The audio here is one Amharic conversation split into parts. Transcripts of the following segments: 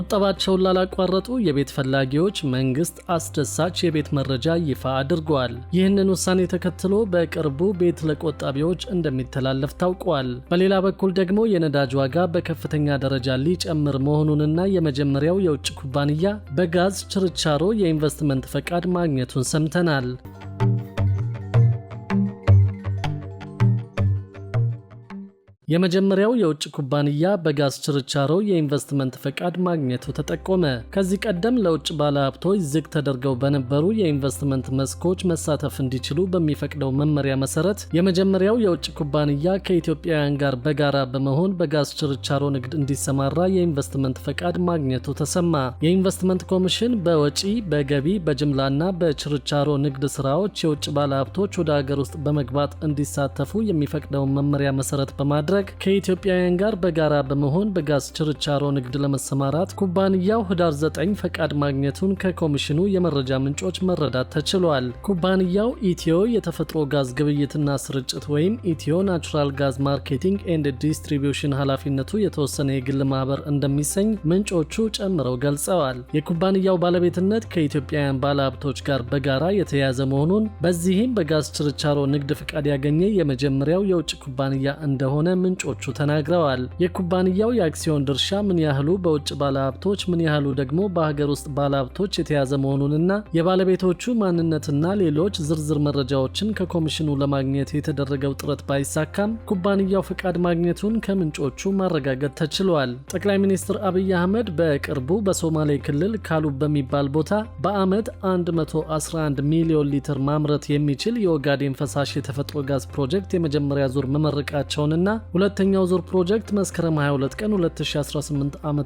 ቁጠባቸውን ላላቋረጡ የቤት ፈላጊዎች መንግስት አስደሳች የቤት መረጃ ይፋ አድርጓል። ይህንን ውሳኔ ተከትሎ በቅርቡ ቤት ለቆጣቢዎች እንደሚተላለፍ ታውቋል። በሌላ በኩል ደግሞ የነዳጅ ዋጋ በከፍተኛ ደረጃ ሊጨምር መሆኑንና የመጀመሪያው የውጭ ኩባንያ በጋዝ ችርቻሮ የኢንቨስትመንት ፈቃድ ማግኘቱን ሰምተናል። የመጀመሪያው የውጭ ኩባንያ በጋዝ ችርቻሮ የኢንቨስትመንት ፈቃድ ማግኘቱ ተጠቆመ። ከዚህ ቀደም ለውጭ ባለሀብቶች ዝግ ተደርገው በነበሩ የኢንቨስትመንት መስኮች መሳተፍ እንዲችሉ በሚፈቅደው መመሪያ መሰረት የመጀመሪያው የውጭ ኩባንያ ከኢትዮጵያውያን ጋር በጋራ በመሆን በጋዝ ችርቻሮ ንግድ እንዲሰማራ የኢንቨስትመንት ፈቃድ ማግኘቱ ተሰማ። የኢንቨስትመንት ኮሚሽን በወጪ በገቢ በጅምላና በችርቻሮ ንግድ ስራዎች የውጭ ባለሀብቶች ወደ ሀገር ውስጥ በመግባት እንዲሳተፉ የሚፈቅደውን መመሪያ መሰረት በማድረግ ለማድረግ ከኢትዮጵያውያን ጋር በጋራ በመሆን በጋዝ ችርቻሮ ንግድ ለመሰማራት ኩባንያው ህዳር 9 ፈቃድ ማግኘቱን ከኮሚሽኑ የመረጃ ምንጮች መረዳት ተችሏል። ኩባንያው ኢትዮ የተፈጥሮ ጋዝ ግብይትና ስርጭት ወይም ኢትዮ ናቹራል ጋዝ ማርኬቲንግ ኤንድ ዲስትሪቢዩሽን ኃላፊነቱ የተወሰነ የግል ማህበር እንደሚሰኝ ምንጮቹ ጨምረው ገልጸዋል። የኩባንያው ባለቤትነት ከኢትዮጵያውያን ባለሀብቶች ጋር በጋራ የተያያዘ መሆኑን በዚህም በጋዝ ችርቻሮ ንግድ ፍቃድ ያገኘ የመጀመሪያው የውጭ ኩባንያ እንደሆነ ምንጮቹ ተናግረዋል። የኩባንያው የአክሲዮን ድርሻ ምን ያህሉ በውጭ ባለሀብቶች ምን ያህሉ ደግሞ በሀገር ውስጥ ባለሀብቶች የተያዘ መሆኑንና የባለቤቶቹ ማንነትና ሌሎች ዝርዝር መረጃዎችን ከኮሚሽኑ ለማግኘት የተደረገው ጥረት ባይሳካም ኩባንያው ፈቃድ ማግኘቱን ከምንጮቹ ማረጋገጥ ተችሏል። ጠቅላይ ሚኒስትር አብይ አህመድ በቅርቡ በሶማሌ ክልል ካሉብ በሚባል ቦታ በዓመት 111 ሚሊዮን ሊትር ማምረት የሚችል የኦጋዴን ፈሳሽ የተፈጥሮ ጋዝ ፕሮጀክት የመጀመሪያ ዙር መመረቃቸውንና ሁለተኛው ዙር ፕሮጀክት መስከረም 22 ቀን 2018 ዓ ም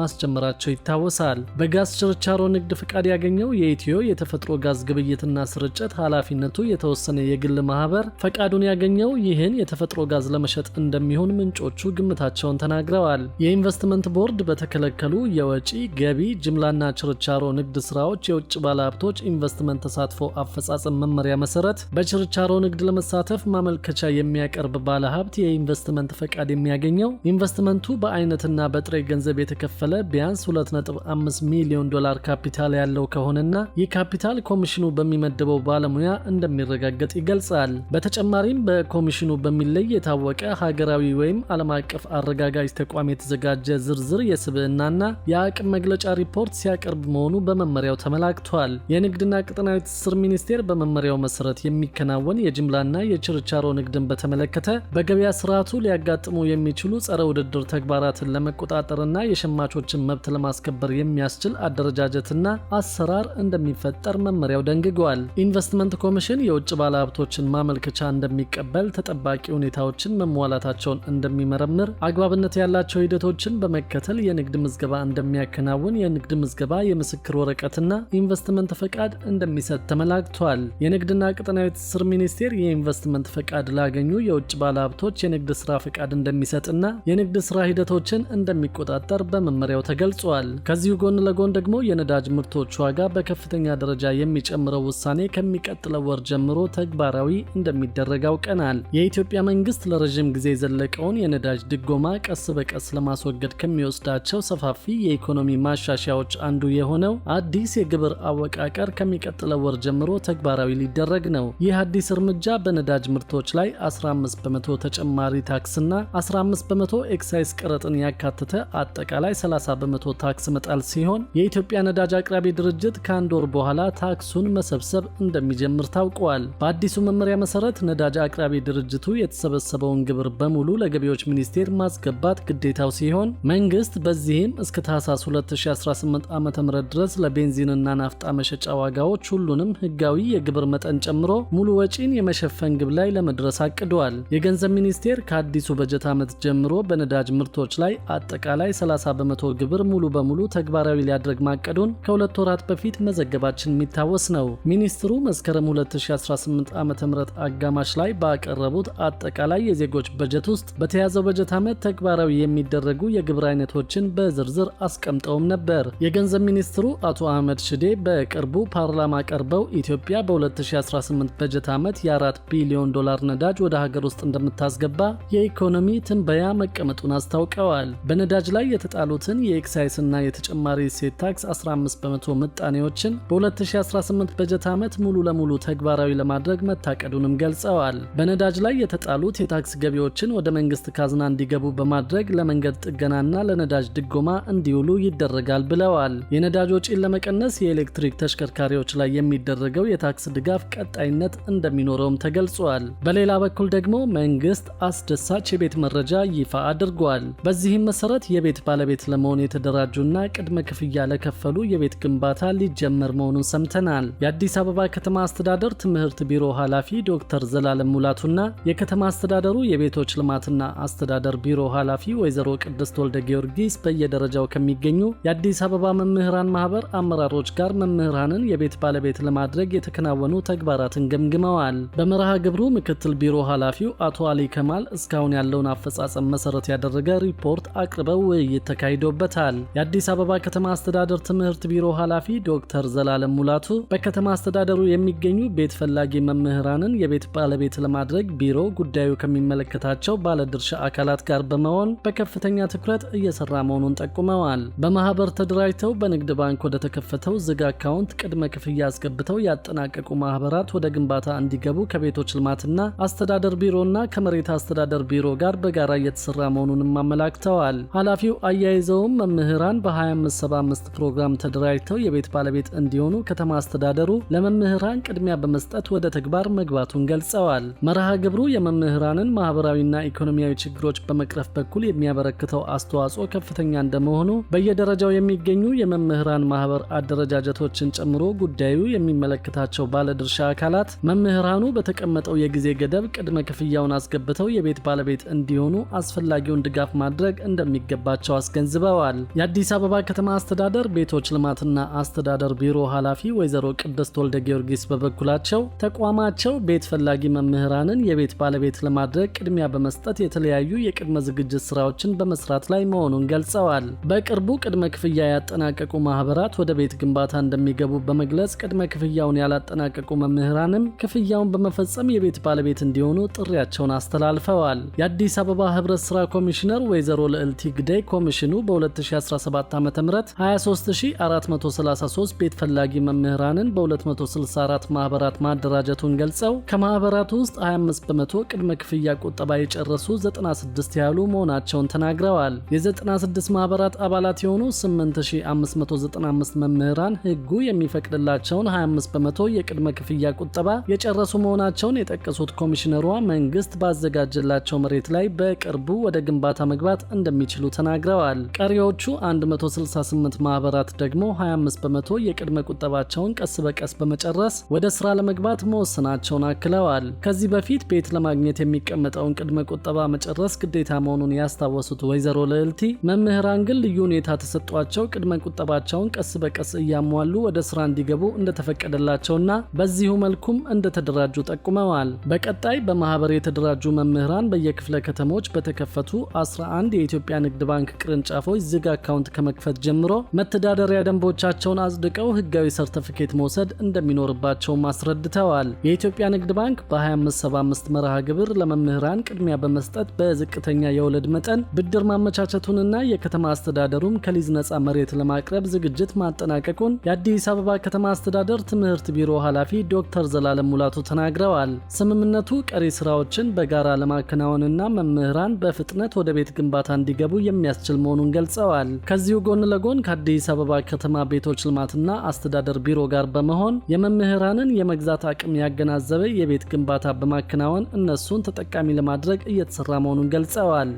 ማስጀመራቸው ይታወሳል። በጋዝ ችርቻሮ ንግድ ፍቃድ ያገኘው የኢትዮ የተፈጥሮ ጋዝ ግብይትና ስርጭት ኃላፊነቱ የተወሰነ የግል ማህበር ፈቃዱን ያገኘው ይህን የተፈጥሮ ጋዝ ለመሸጥ እንደሚሆን ምንጮቹ ግምታቸውን ተናግረዋል። የኢንቨስትመንት ቦርድ በተከለከሉ የወጪ ገቢ፣ ጅምላና ችርቻሮ ንግድ ስራዎች የውጭ ባለሀብቶች ኢንቨስትመንት ተሳትፎ አፈጻጸም መመሪያ መሰረት በችርቻሮ ንግድ ለመሳተፍ ማመልከቻ የሚያቀርብ ባለሀብት የኢንቨስት የኢንቨስትመንት ፈቃድ የሚያገኘው ኢንቨስትመንቱ በአይነትና በጥሬ ገንዘብ የተከፈለ ቢያንስ 2.5 ሚሊዮን ዶላር ካፒታል ያለው ከሆነና ይህ ካፒታል ኮሚሽኑ በሚመድበው ባለሙያ እንደሚረጋገጥ ይገልጻል። በተጨማሪም በኮሚሽኑ በሚለይ የታወቀ ሀገራዊ ወይም ዓለም አቀፍ አረጋጋጅ ተቋም የተዘጋጀ ዝርዝር የስብዕናና የአቅም መግለጫ ሪፖርት ሲያቀርብ መሆኑ በመመሪያው ተመላክቷል። የንግድና ቀጠናዊ ትስስር ሚኒስቴር በመመሪያው መሰረት የሚከናወን የጅምላና የችርቻሮ ንግድን በተመለከተ በገበያ ስርዓቱ ሊያጋጥሙ የሚችሉ ጸረ ውድድር ተግባራትን ለመቆጣጠርና የሸማቾችን መብት ለማስከበር የሚያስችል አደረጃጀትና አሰራር እንደሚፈጠር መመሪያው ደንግገዋል። ኢንቨስትመንት ኮሚሽን የውጭ ባለሀብቶችን ማመልከቻ እንደሚቀበል፣ ተጠባቂ ሁኔታዎችን መሟላታቸውን እንደሚመረምር፣ አግባብነት ያላቸው ሂደቶችን በመከተል የንግድ ምዝገባ እንደሚያከናውን፣ የንግድ ምዝገባ የምስክር ወረቀትና ኢንቨስትመንት ፈቃድ እንደሚሰጥ ተመላክቷል። የንግድና ቀጠናዊ ትስስር ሚኒስቴር የኢንቨስትመንት ፈቃድ ላገኙ የውጭ ባለሀብቶች የንግድ የስራ ፍቃድ እንደሚሰጥና የንግድ ስራ ሂደቶችን እንደሚቆጣጠር በመመሪያው ተገልጿል። ከዚሁ ጎን ለጎን ደግሞ የነዳጅ ምርቶች ዋጋ በከፍተኛ ደረጃ የሚጨምረው ውሳኔ ከሚቀጥለው ወር ጀምሮ ተግባራዊ እንደሚደረግ አውቀናል። የኢትዮጵያ መንግስት ለረዥም ጊዜ የዘለቀውን የነዳጅ ድጎማ ቀስ በቀስ ለማስወገድ ከሚወስዳቸው ሰፋፊ የኢኮኖሚ ማሻሻያዎች አንዱ የሆነው አዲስ የግብር አወቃቀር ከሚቀጥለው ወር ጀምሮ ተግባራዊ ሊደረግ ነው። ይህ አዲስ እርምጃ በነዳጅ ምርቶች ላይ 15 በመቶ ተጨማሪ ታ ታክስና 15 በመቶ ኤክሳይዝ ቀረጥን ያካተተ አጠቃላይ 30 በመቶ ታክስ መጣል ሲሆን የኢትዮጵያ ነዳጅ አቅራቢ ድርጅት ከአንድ ወር በኋላ ታክሱን መሰብሰብ እንደሚጀምር ታውቋል። በአዲሱ መመሪያ መሰረት ነዳጅ አቅራቢ ድርጅቱ የተሰበሰበውን ግብር በሙሉ ለገቢዎች ሚኒስቴር ማስገባት ግዴታው ሲሆን መንግስት በዚህም እስከ ታህሳስ 2018 ዓ ም ድረስ ለቤንዚንና ናፍጣ መሸጫ ዋጋዎች ሁሉንም ህጋዊ የግብር መጠን ጨምሮ ሙሉ ወጪን የመሸፈን ግብ ላይ ለመድረስ አቅደዋል። የገንዘብ ሚኒስቴር ከ ከአዲሱ በጀት ዓመት ጀምሮ በነዳጅ ምርቶች ላይ አጠቃላይ 30 በመቶ ግብር ሙሉ በሙሉ ተግባራዊ ሊያድረግ ማቀዱን ከሁለት ወራት በፊት መዘገባችን የሚታወስ ነው። ሚኒስትሩ መስከረም 2018 ዓ ም አጋማሽ ላይ ባቀረቡት አጠቃላይ የዜጎች በጀት ውስጥ በተያዘው በጀት ዓመት ተግባራዊ የሚደረጉ የግብር አይነቶችን በዝርዝር አስቀምጠውም ነበር። የገንዘብ ሚኒስትሩ አቶ አህመድ ሽዴ በቅርቡ ፓርላማ ቀርበው ኢትዮጵያ በ2018 በጀት ዓመት የ4 ቢሊዮን ዶላር ነዳጅ ወደ ሀገር ውስጥ እንደምታስገባ የኢኮኖሚ ትንበያ መቀመጡን አስታውቀዋል። በነዳጅ ላይ የተጣሉትን የኤክሳይስና የተጨማሪ እሴት ታክስ 15 በመቶ ምጣኔዎችን በ2018 በጀት ዓመት ሙሉ ለሙሉ ተግባራዊ ለማድረግ መታቀዱንም ገልጸዋል። በነዳጅ ላይ የተጣሉት የታክስ ገቢዎችን ወደ መንግስት ካዝና እንዲገቡ በማድረግ ለመንገድ ጥገናና ለነዳጅ ድጎማ እንዲውሉ ይደረጋል ብለዋል። የነዳጅ ወጪን ለመቀነስ የኤሌክትሪክ ተሽከርካሪዎች ላይ የሚደረገው የታክስ ድጋፍ ቀጣይነት እንደሚኖረውም ተገልጿል። በሌላ በኩል ደግሞ መንግስት አስደስ ሳች የቤት መረጃ ይፋ አድርጓል። በዚህም መሰረት የቤት ባለቤት ለመሆን የተደራጁና ቅድመ ክፍያ ለከፈሉ የቤት ግንባታ ሊጀመር መሆኑን ሰምተናል። የአዲስ አበባ ከተማ አስተዳደር ትምህርት ቢሮ ኃላፊ ዶክተር ዘላለም ሙላቱና የከተማ አስተዳደሩ የቤቶች ልማትና አስተዳደር ቢሮ ኃላፊ ወይዘሮ ቅድስት ወልደ ጊዮርጊስ በየደረጃው ከሚገኙ የአዲስ አበባ መምህራን ማህበር አመራሮች ጋር መምህራንን የቤት ባለቤት ለማድረግ የተከናወኑ ተግባራትን ገምግመዋል። በመርሃ ግብሩ ምክትል ቢሮ ኃላፊው አቶ አሊ ከማል እስካሁን ያለውን አፈጻጸም መሰረት ያደረገ ሪፖርት አቅርበው ውይይት ተካሂዶበታል። የአዲስ አበባ ከተማ አስተዳደር ትምህርት ቢሮ ኃላፊ ዶክተር ዘላለም ሙላቱ በከተማ አስተዳደሩ የሚገኙ ቤት ፈላጊ መምህራንን የቤት ባለቤት ለማድረግ ቢሮ ጉዳዩ ከሚመለከታቸው ባለድርሻ አካላት ጋር በመሆን በከፍተኛ ትኩረት እየሰራ መሆኑን ጠቁመዋል። በማህበር ተደራጅተው በንግድ ባንክ ወደ ተከፈተው ዝግ አካውንት ቅድመ ክፍያ አስገብተው ያጠናቀቁ ማህበራት ወደ ግንባታ እንዲገቡ ከቤቶች ልማትና አስተዳደር ቢሮና ከመሬት አስተዳደር ከሚኒስቴር ቢሮ ጋር በጋራ እየተሰራ መሆኑንም አመላክተዋል። ኃላፊው አያይዘውም መምህራን በ2575 ፕሮግራም ተደራጅተው የቤት ባለቤት እንዲሆኑ ከተማ አስተዳደሩ ለመምህራን ቅድሚያ በመስጠት ወደ ተግባር መግባቱን ገልጸዋል። መርሃ ግብሩ የመምህራንን ማህበራዊና ኢኮኖሚያዊ ችግሮች በመቅረፍ በኩል የሚያበረክተው አስተዋጽኦ ከፍተኛ እንደመሆኑ በየደረጃው የሚገኙ የመምህራን ማህበር አደረጃጀቶችን ጨምሮ ጉዳዩ የሚመለከታቸው ባለድርሻ አካላት መምህራኑ በተቀመጠው የጊዜ ገደብ ቅድመ ክፍያውን አስገብተው የቤት ባለቤት እንዲሆኑ አስፈላጊውን ድጋፍ ማድረግ እንደሚገባቸው አስገንዝበዋል። የአዲስ አበባ ከተማ አስተዳደር ቤቶች ልማትና አስተዳደር ቢሮ ኃላፊ ወይዘሮ ቅድስት ወልደ ጊዮርጊስ በበኩላቸው ተቋማቸው ቤት ፈላጊ መምህራንን የቤት ባለቤት ለማድረግ ቅድሚያ በመስጠት የተለያዩ የቅድመ ዝግጅት ስራዎችን በመስራት ላይ መሆኑን ገልጸዋል። በቅርቡ ቅድመ ክፍያ ያጠናቀቁ ማህበራት ወደ ቤት ግንባታ እንደሚገቡ በመግለጽ ቅድመ ክፍያውን ያላጠናቀቁ መምህራንም ክፍያውን በመፈጸም የቤት ባለቤት እንዲሆኑ ጥሪያቸውን አስተላልፈዋል። ተናግረዋል። የአዲስ አበባ ህብረት ስራ ኮሚሽነር ወይዘሮ ልዕልቲ ግዳይ ኮሚሽኑ በ2017 ዓ ም 23433 ቤት ፈላጊ መምህራንን በ264 ማህበራት ማደራጀቱን ገልጸው ከማህበራቱ ውስጥ 25 በመቶ ቅድመ ክፍያ ቁጠባ የጨረሱ 96 ያሉ መሆናቸውን ተናግረዋል። የ96 ማህበራት አባላት የሆኑ 8595 መምህራን ህጉ የሚፈቅድላቸውን 25 በመቶ የቅድመ ክፍያ ቁጠባ የጨረሱ መሆናቸውን የጠቀሱት ኮሚሽነሯ መንግስት ባዘጋጀላቸው ባላቸው መሬት ላይ በቅርቡ ወደ ግንባታ መግባት እንደሚችሉ ተናግረዋል። ቀሪዎቹ 168 ማህበራት ደግሞ 25 በመቶ የቅድመ ቁጠባቸውን ቀስ በቀስ በመጨረስ ወደ ስራ ለመግባት መወሰናቸውን አክለዋል። ከዚህ በፊት ቤት ለማግኘት የሚቀመጠውን ቅድመ ቁጠባ መጨረስ ግዴታ መሆኑን ያስታወሱት ወይዘሮ ልዕልቲ መምህራን ግን ልዩ ሁኔታ ተሰጧቸው ቅድመ ቁጠባቸውን ቀስ በቀስ እያሟሉ ወደ ስራ እንዲገቡ እንደተፈቀደላቸውና በዚሁ መልኩም እንደተደራጁ ጠቁመዋል። በቀጣይ በማህበር የተደራጁ መምህራን በየክፍለ ከተሞች በተከፈቱ 11 የኢትዮጵያ ንግድ ባንክ ቅርንጫፎች ዝግ አካውንት ከመክፈት ጀምሮ መተዳደሪያ ደንቦቻቸውን አጽድቀው ህጋዊ ሰርተፍኬት መውሰድ እንደሚኖርባቸውም አስረድተዋል። የኢትዮጵያ ንግድ ባንክ በ2575 መርሃ ግብር ለመምህራን ቅድሚያ በመስጠት በዝቅተኛ የወለድ መጠን ብድር ማመቻቸቱንና የከተማ አስተዳደሩም ከሊዝ ነፃ መሬት ለማቅረብ ዝግጅት ማጠናቀቁን የአዲስ አበባ ከተማ አስተዳደር ትምህርት ቢሮ ኃላፊ ዶክተር ዘላለም ሙላቱ ተናግረዋል። ስምምነቱ ቀሪ ስራዎችን በጋራ ለማከናወ መከናወንና መምህራን በፍጥነት ወደ ቤት ግንባታ እንዲገቡ የሚያስችል መሆኑን ገልጸዋል። ከዚሁ ጎን ለጎን ከአዲስ አበባ ከተማ ቤቶች ልማትና አስተዳደር ቢሮ ጋር በመሆን የመምህራንን የመግዛት አቅም ያገናዘበ የቤት ግንባታ በማከናወን እነሱን ተጠቃሚ ለማድረግ እየተሰራ መሆኑን ገልጸዋል።